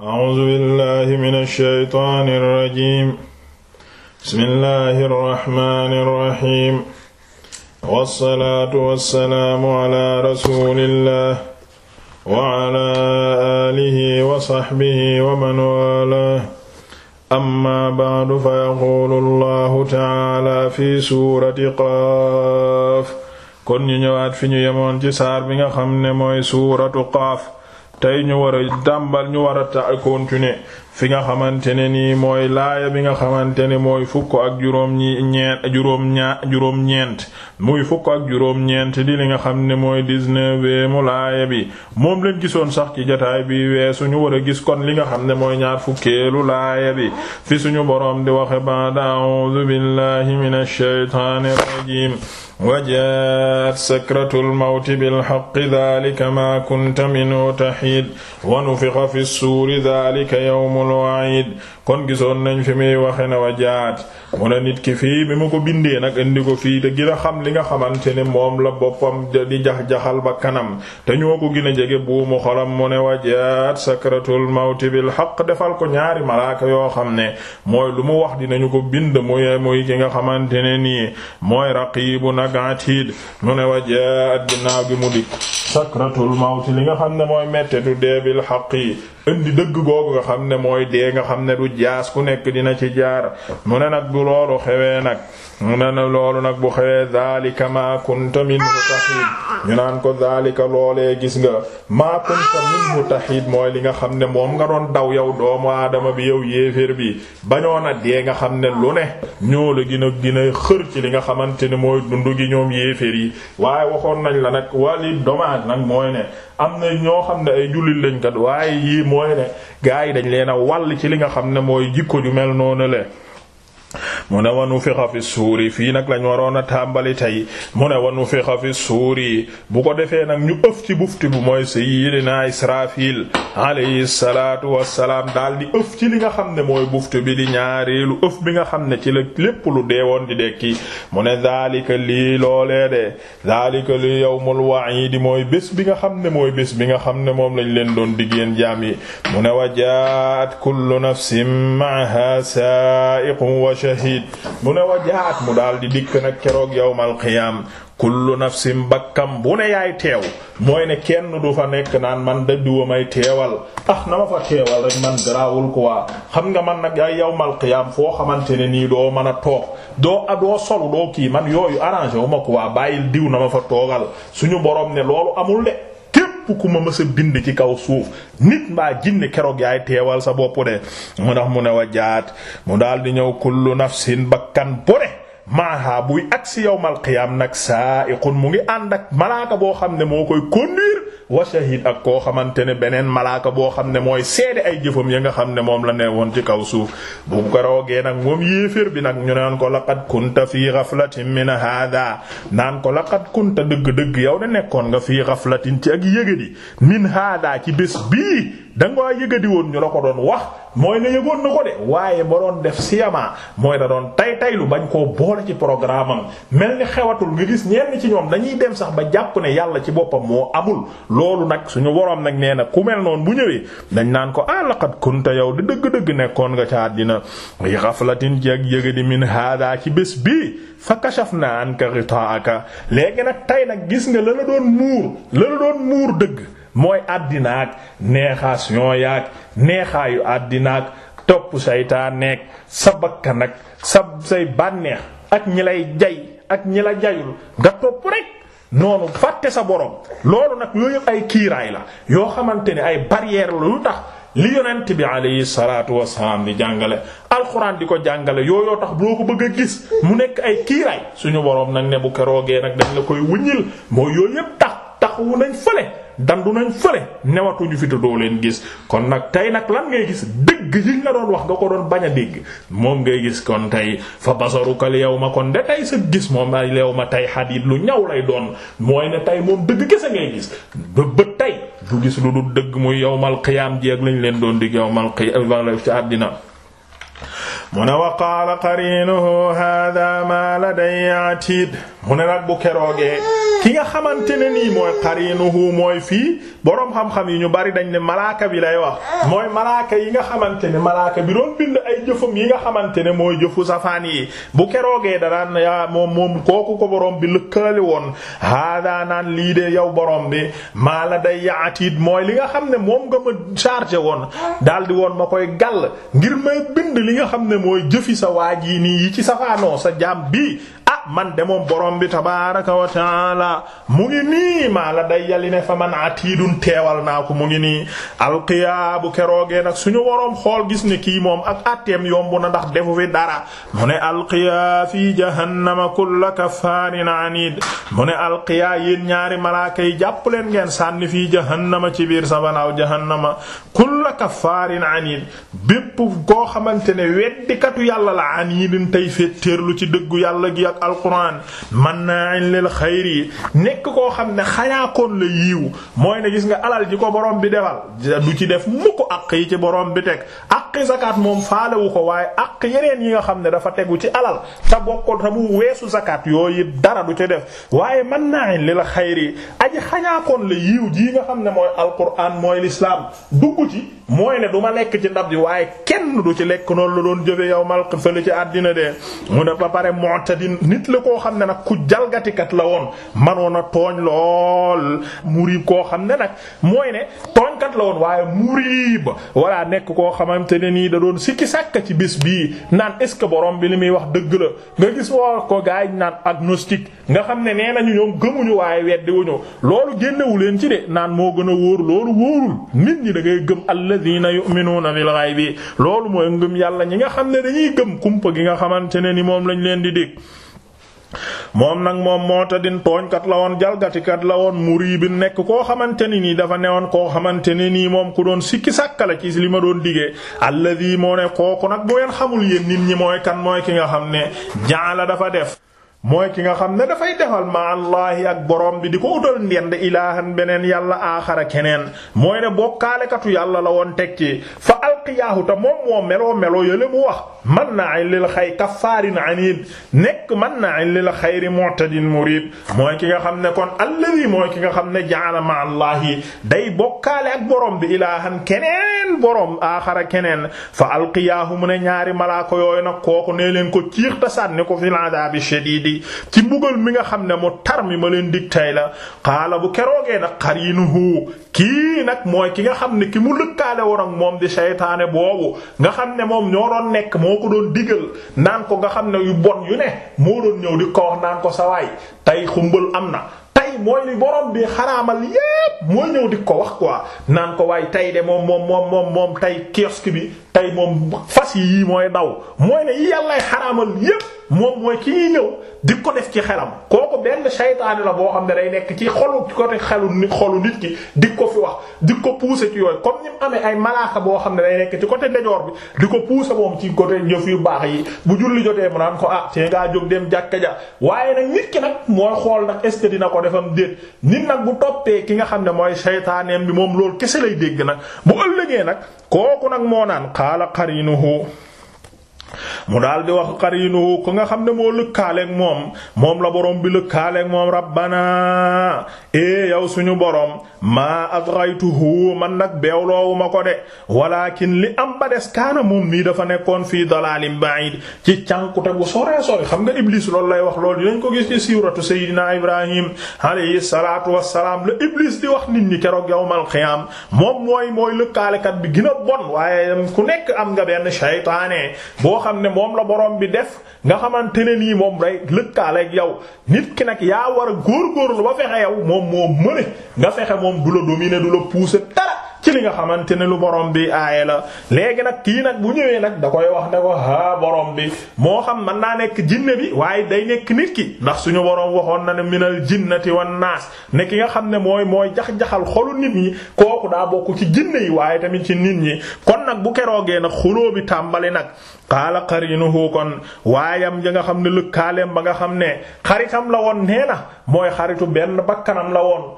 A'uuzu billaahi mina shaytaani rajiim. Bismillaahi rahmaani rahiim. Wassalaatu wassalaamu alaa rasuulillaah wa alaa aalihi wa sahbihi wa man waalaah. Ammaa ba'du fa yaquulu Allaahu ta'aalaa fi suurati Qaaf. Kon ñu ñëwaat fi ñu yemoon ci saar bi nga xam ne mooy suuratu Qaaf. tey ñu war a dàmbal ñu war a ta continuer fi nga xamante ne nii mooy laaya bi nga xamante ne mooy fukk ak juróom ñi ñeent muy fukk ak juróom ñeent di li nga xam ne mooy dix-neuvième mu laaya bi moom lañ gisoon sax ci jotaay bi weesu ñu war a gis kon li nga xam ne mooy ñaar fukkeelu laaya bi fi suñu boroom di waxe ba'da a'uuzu billahi minash shaytaanir rajiim wajaat sakratul mawti bilxaqi dalika maa kunta minhu taxiid wa nufixa fi suuri dalika yawmul waid kon gisoon nañ fi muy waxe ne wajaat mu nit ki fii bi mu ko bindee nag indi ko fii te gën xam li nga xamante ne moom la boppam di jax-jaxal ba kanam te ñoo ko gën a jege buumu xolam mu ne wajaat sakratul mawti bilxaq defal ko ñaari malaaka yoo xam ne mooy lu mu wax dinañu ko bind muy muy ki nga xamante ne nii mooy raqiibu rakaat hiid mu ne wajaat ginnaaw gi mu dikk sakratul mawti li nga xam ne mooy mettetu deebil xaq yi indi dëgg googu nga xam ne mooy dee nga xam ne du jaas ku nekk dina ci jaar mu ne nag bu loolu xewee nag mu ne na loolu nag bu xewee zalika maa kunta ñu naan ko zalika loolee gis nga maa kunta minhu tahid mooy li nga xam ne moom nga daw yow doomu aadama bi yow yéeféer bi bañoon a dee nga xam ne lu ne ñoo la gën a ci li nga xamante ne mooy dundu gi ñoom yéeféer yi waaye waxoon nañ la am na ñoo xam ne ay jullit lañ kat waaye mooy ne gaa yi dañ leen a wàll ci li nga xam ne mooy jikko ju mel noonu le mu ne wa nufixa fi suuri fii nag lañ waroon a tàmbali tey mu ne wa nufixa fi suuri bu ko defee nag ñu ëf ci bufti bu mooy sayyidina Israfil alayhi salaatu wassalaam daal di ëf ci li nga xam ne mooy bufti bi di lu ëf bi nga xam ne ci la lépp lu deewoon di dekki mu ne daalika lii loolee de daalika li yawmul wa'iid mooy bés bi nga xam ne mooy bés bi nga xam ne moom lañ leen doon diggéen jaam yi mu ne wa jaa'at kullu nafsin ma'aha saa'iqun wa shahiid nit mu ne jaat mu daal di dikk nag keroog yawmal qiyaam kullu nafsin mbakkam bu ne yaay teew mooy ne kenn du fa nekk naan man da diwa may teewal ah na ma fa teewal rek man garaawul quoi xam nga man nag ay yawmal qiyaam foo xamante ne nii doo mën a toog doo a ah doo solu doo kii man yooyu arrangé wu ma waa bàyyil diw na ma fa toogal suñu borom ne loolu amul de. képp ku ma mës a bind ci kaw suuf nit mbaa jinne keroog yaay teewal sa bopp de mu ndax mu ne wa jaat mu dal di ñëw kullu nafsin bakkan bu maaha buy agsi yow qiyaam nag saa saa'iqun mu ngi ànd ak malaaka boo xam ne moo koy conduire wa shahid ak koo xamante ne beneen malaaka boo xam ne mooy seede ay jëfam ya nga xam ne moom la ne woon ci kaw suuf bu ko roogee nag moom yéeféer bi nag ñu naan ko laqad kunta fii ghaflatin min naan ko laqad kunta dëgg-dëgg yow de nekkoon nga fii ghaflatin ci ak yëgadi min hada ci bés bii danga yëgadi woon ñu la ko doon wax mooy ne yëgoon na ko de waaye ba doon def siyamaa mooy da doon tey lu bañ koo boole ci programme am mel ni xewatul nga gis ñenn ci ñoom dañuy dem sax ba jàpp ne yàlla ci boppam moo amul loolu nag suñu waroom nag nee na ku mel noonu bu ñëwee dañ naan ko ah laqad kunta yow di dëgg-dëgg nekkoon nga ca àddina yi ghaflatin ci ak yëga di min hada ci bés bii fa kashafna anka ghitaaka léegi nag tey nag gis nga la la doon muur la la doon muur dëgg mooy àddinaak neexaation yaak neexaayu àddinaak topp saytaan nekk sa bakka nag sa say bànneex ak ñi lay jay ak ñi la jayul nga topp rek noonu fàtte sa borom loolu nag yooyu yëpp ay kiiraay la yoo xamante ni ay barrière la lu tax li yonent bi alayhi salaatu wasalaam di jàngale alxuraan di ko jàngale yooyoo tax boo ko bëgg a gis mu nekk ay kiiraay suñu borom nag ne bu keroogee nag dañ la koy wuññil mooy yooyu yëpp tax taxawu nañ fële. dandu nañ fële newatuñu fi te leen gis kon nag tey nag lan ngay gis dëgg yi nga doon wax nga ko doon bañ a dégg moom ngay gis kon tey fa basaruka ma kon de tey sa gis moom ay yawma tey xadiit lu ñaw lay doon mooy ne tey moom bët tey du gis lu dul dëgg lañ leen doon dig yawmal ci àddina mu ne wa qaala qarinuhu hada ma ladayya atid mu ne nag bu keroogee ki nga xamante ne nii mooy qarinuhu mooy fii boroom xam-xam yi ñu bari dañ ne malaaka bi lay wax mooy malaaka yi nga xamante ne malaaka bi doon bind ay jëfam yi nga xamante ne mooy jëfu safaan yi bu keroogee danaan yaa ah, moom moom kooku ko boroom bi lëkkaali woon haadaa lii de yow boroom bi maa la day yaatiit mooy li nga xam ne moom nga ma chargé woon di woon ma koy gàll ngir may bind li nga xam ne mooy jëfi sa waaj yi nii yi ci safaanoo sa jaam bi man de moom borom bi tabaaraka wa taala mu ngi nii maa la day yali ne fa man atiidun teewal naa ko mu ngi nii bu keroogee nag suñu waroom xool gis ne kii moom ak atteem yomb na ndax defu fi dara mu ne alqiyaa fii jahannama kulla kaffaarin anid mu ne alqiyaa yéen ñaari malaaka yi jàpp leen ngeen sànni fii jahannama ci biir sabanaaw jahannama kulla kaffaarin anid bépp ne weddikatu ci dëggu yàlla gi ak alquran mannaa'in lil xayri nekk koo xam ne xañaakoon la yiw mooy ne gis nga alal ji ko borom bi defal du ci def mukk ak yi ci borom bi teg ak aqi zakat moom faalewu ko waaye aq yeneen yi nga xam ne dafa tegu ci alal te bokkul te mu weesu zakat yooyu dara du ci def waaye man naa li la xayri aji xañaakoon la yiw ji nga xam ne mooy alquran mooy lislaam dugg ci mooy ne du ma lekk ci ndab yi waaye kenn du ci lekk noonu la doon jëfe yow mal fële ci àddina de mu ne ba pare mu'tadin nit la koo xam ne nag ku jalgatikat la woon manoon a tooñ lool muriib koo xam ne nag mooy ne tooñkat la ne nii da doon sikki sàkk ci bis bii naan est ce que borom bi li muy wax dëgg la nga gis woo ko gaay naan agnostique nga xam ne nee nañu ñoom gëmuñu waaye weddi loolu génnewu leen ci de naan moo gën a wóor loolu wóorul nit ñi da ngay gëm alladhina yu'minuna bil ghaibi loolu mooy ngëm yàlla ñi nga xam ne dañuy gëm kumpa gi nga xamante ne ni moom lañ leen di dégg moom nag moom moo ta din tooñkat la woon jalgatikat la woon muri bi nekk koo xamante ne nii dafa newoon koo xamante ni nii moom ku doon sikki sàkka la ci li ma doon digee alladi moo ne kooku nag bu ngeen xamul yéen nit ñi mooy kan mooy ki nga xam ne jaala dafa def mooy ki nga xam ne dafay defal ma allahi ak borom bi di ko utal ndend ilaahan beneen yàlla aaxara keneen mooy ne bokkaalekatu yàlla la woon tekki fa yaahu ta moom moo meloo meloo yële mu wax man naa lil xay kaffaarin anid nekk man naa lil xayri mu'tadin murid ne kon alladi mooy ki nga xam ne ja'ala ma allahi day bokkaale ak borom bi ilaahan keneen borom aaxara keneen fa alqiyaahu mu ne ñaari malaako yooyu nag kooku nee ko ciix ta sànni ko fil adaabi shadiidi ci mbugal mi nga xam ne mu tar mi ma leen dig tay la xaala bu keroogee nag xariinuhu kii nag mooy ki nga xam ne ki mu lëkkaale woon moom di shaytaan seytaane boobu nga xam ne moom ñoo doon nekk moo ko doon digal naan ko nga xam ne yu bon yu ne moo doon ñëw di ko wax naan ko sawaay tey xumbal am na tey mooy li borom bi xaraamal yépp mooy ñëw di ko wax quoi naan ko waay tey de moom moom moom moom moom tey kiosque bi tey moom fas yi mooy daw mooy ne yi yàllay xaraamal yépp moom mooy ki ñuy ñëw di ko def ci xelam kooku benn saytaane la boo xam ne day nekk ci xolu ci côté xelu nit nit ki di ko fi wax di ko pousser ci yooyu comme ni ay malaaka boo xam ne day nekk ci côté ndejoor bi di ko pousser moom ci côté jëf yu baax yi bu julli jotee mu naan ko ah te ngaa jóg dem jàkka ja waaye nag nit ki nag mooy xool nag est dina ko defam déet nit nag bu toppee ki nga xam ne mooy saytaaneem bi moom loolu kese lay dégg nag mu ëllëgee nag kooku nag moo naan qaala qarinuhu mu daal di wax xarinuhu ko nga xam ne moo lëkkaaleeg moom moom la borom bi lëkkaaleeg moom rabbana e yow suñu borom maa adghaytuhu man nag beewloowu ma ko de walakin li am ba des kaana moom nii dafa nekkoon fii dalaalim ba'id ci cànkute bu sore sore xam nga iblis loolu lay wax loolu dinañ ko gis ci siwratu seydina ibrahim alayhi salaatu wassalaam la iblis di wax nit ñi keroog yow qiyaam moom mooy mooy lëkkaalekat bi gën bon waaye ku nekk am nga benn shaytaane xam ne moom la boroom bi def nga xamante ne nii moom day lëkkaale ak yow nit ki nag yaa war a góor góorgóorlu ba fexe yow moom moo mëne nga fexe moom du la dominer du la pousser dara ci li nga xamante ne lu borom bi aaye la léegi nag kii nag bu ñëwee nag da koy wax ne ko haa borom bi moo xam man naa nekk jinne bi waaye day nekk nit ki ndax ñu borom waxoon na ne minal jinnati wan naas ne ki nga xam ne mooy mooy jax-jaxal xolu nit ñi kooku daa bokk ci jinne yi waaye tamit ci nit ñi kon nag bu keroogee nag xuloo bi tàmbali nag qaala qarinuhu kon waayam ya nga xam ne lëkkaaleem ba nga xam ne xaritam la woon nee na mooy xaritu benn bakkanam la woon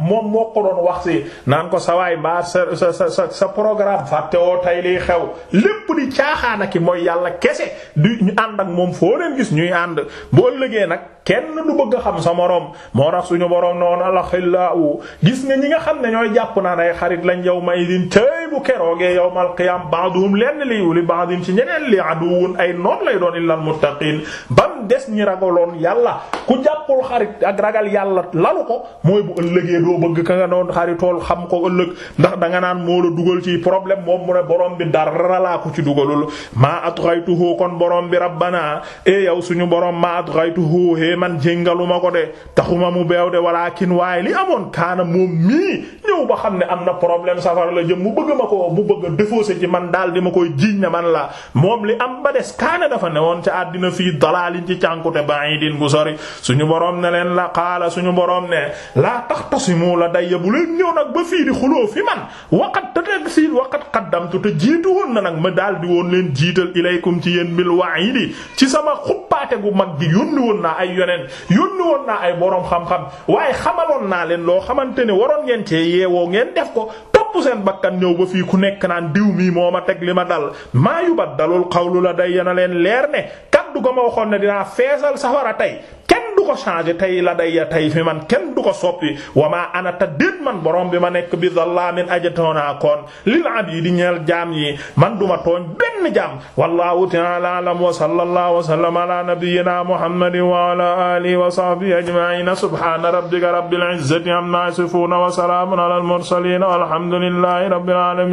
moom moo ko doon wax si naan ko sa waay mbaa sa sa sa sa programme fàtte woo tey liy xew lépp di caaxaana ki mooy yàlla kese du ñu ànd ak moom foo leen gis ñuy ànd boo ëllëgee nag kenn du bëgg xam sa moroom moo tax suñu boroom noonu alaxillaahu gis nga ñi nga xam ne ñooy jàpp naan ay xarit lañ yow may din tey bu keroogee yawmal qiyaam ba'duhum lenn li li ba'din ci ñeneen li aduwun ay noon lay doon illal muttaqiin bam des ñi ragaloon yàlla ku jàppul xarit ak ragal yàlla lalu ko yow bëgg ka nga doon xaritool xam ko ëllëg ndax danga naan moo la dugal ci problème moom mu ne borom bi dara laa ko ci dugalul maa atghaytuhu kon borom bi rabbana e yow suñu borom maa atghaytuhu he man jéngaluma ko de taxuma mu beew de walakin waaye li amoon kaana moom mii ñëw ba xam ne am na problème safara la jëm mu bëgg ma ko mu bëgg a défausser ci man daal di ma koy jiiñ ne man la moom li am ba des kaana dafa ne woon ca àddina fii dalaalin ci cànkute ba'idin gu sori suñu boroom ne leen la xaala suñu boroom ne laa taxtasimu la day bu leen ñëw nag ba fii di xuloo fi man waqat te teg si waqat qaddamtu te jiitu woon na nag ma daal di woon leen jiital ilaykum ci yéen bil wa'idi ci sama xuppaate gu mag gi yónni yeewoo ngeen def ko topp seen bakkan ñëw ba fii ku nekk naan diw mii moo ma teg li ma dal maa yu ba yubaddalul xawlu la day yana leen leer ne kaddu ko ma waxoon ne dinaa feesal safara tey ko changé tay la day ya tay fi man kenn du ko soppi wa maa ana ta déet man borom bi ma nekk bi zallaamin ajatoonaa koon lil abidi ñeel jaam yi man duma tooñ benn jaam wallahu ta'ala a'lam wa sallallahu wa sallama ala nabiyyina muhammadin wa ala alihi wa sahbihi ajma'in subhana rabbika rabbil izzati amma yasifun wa salamun ala al mursalin walhamdulillahi rabbil alamin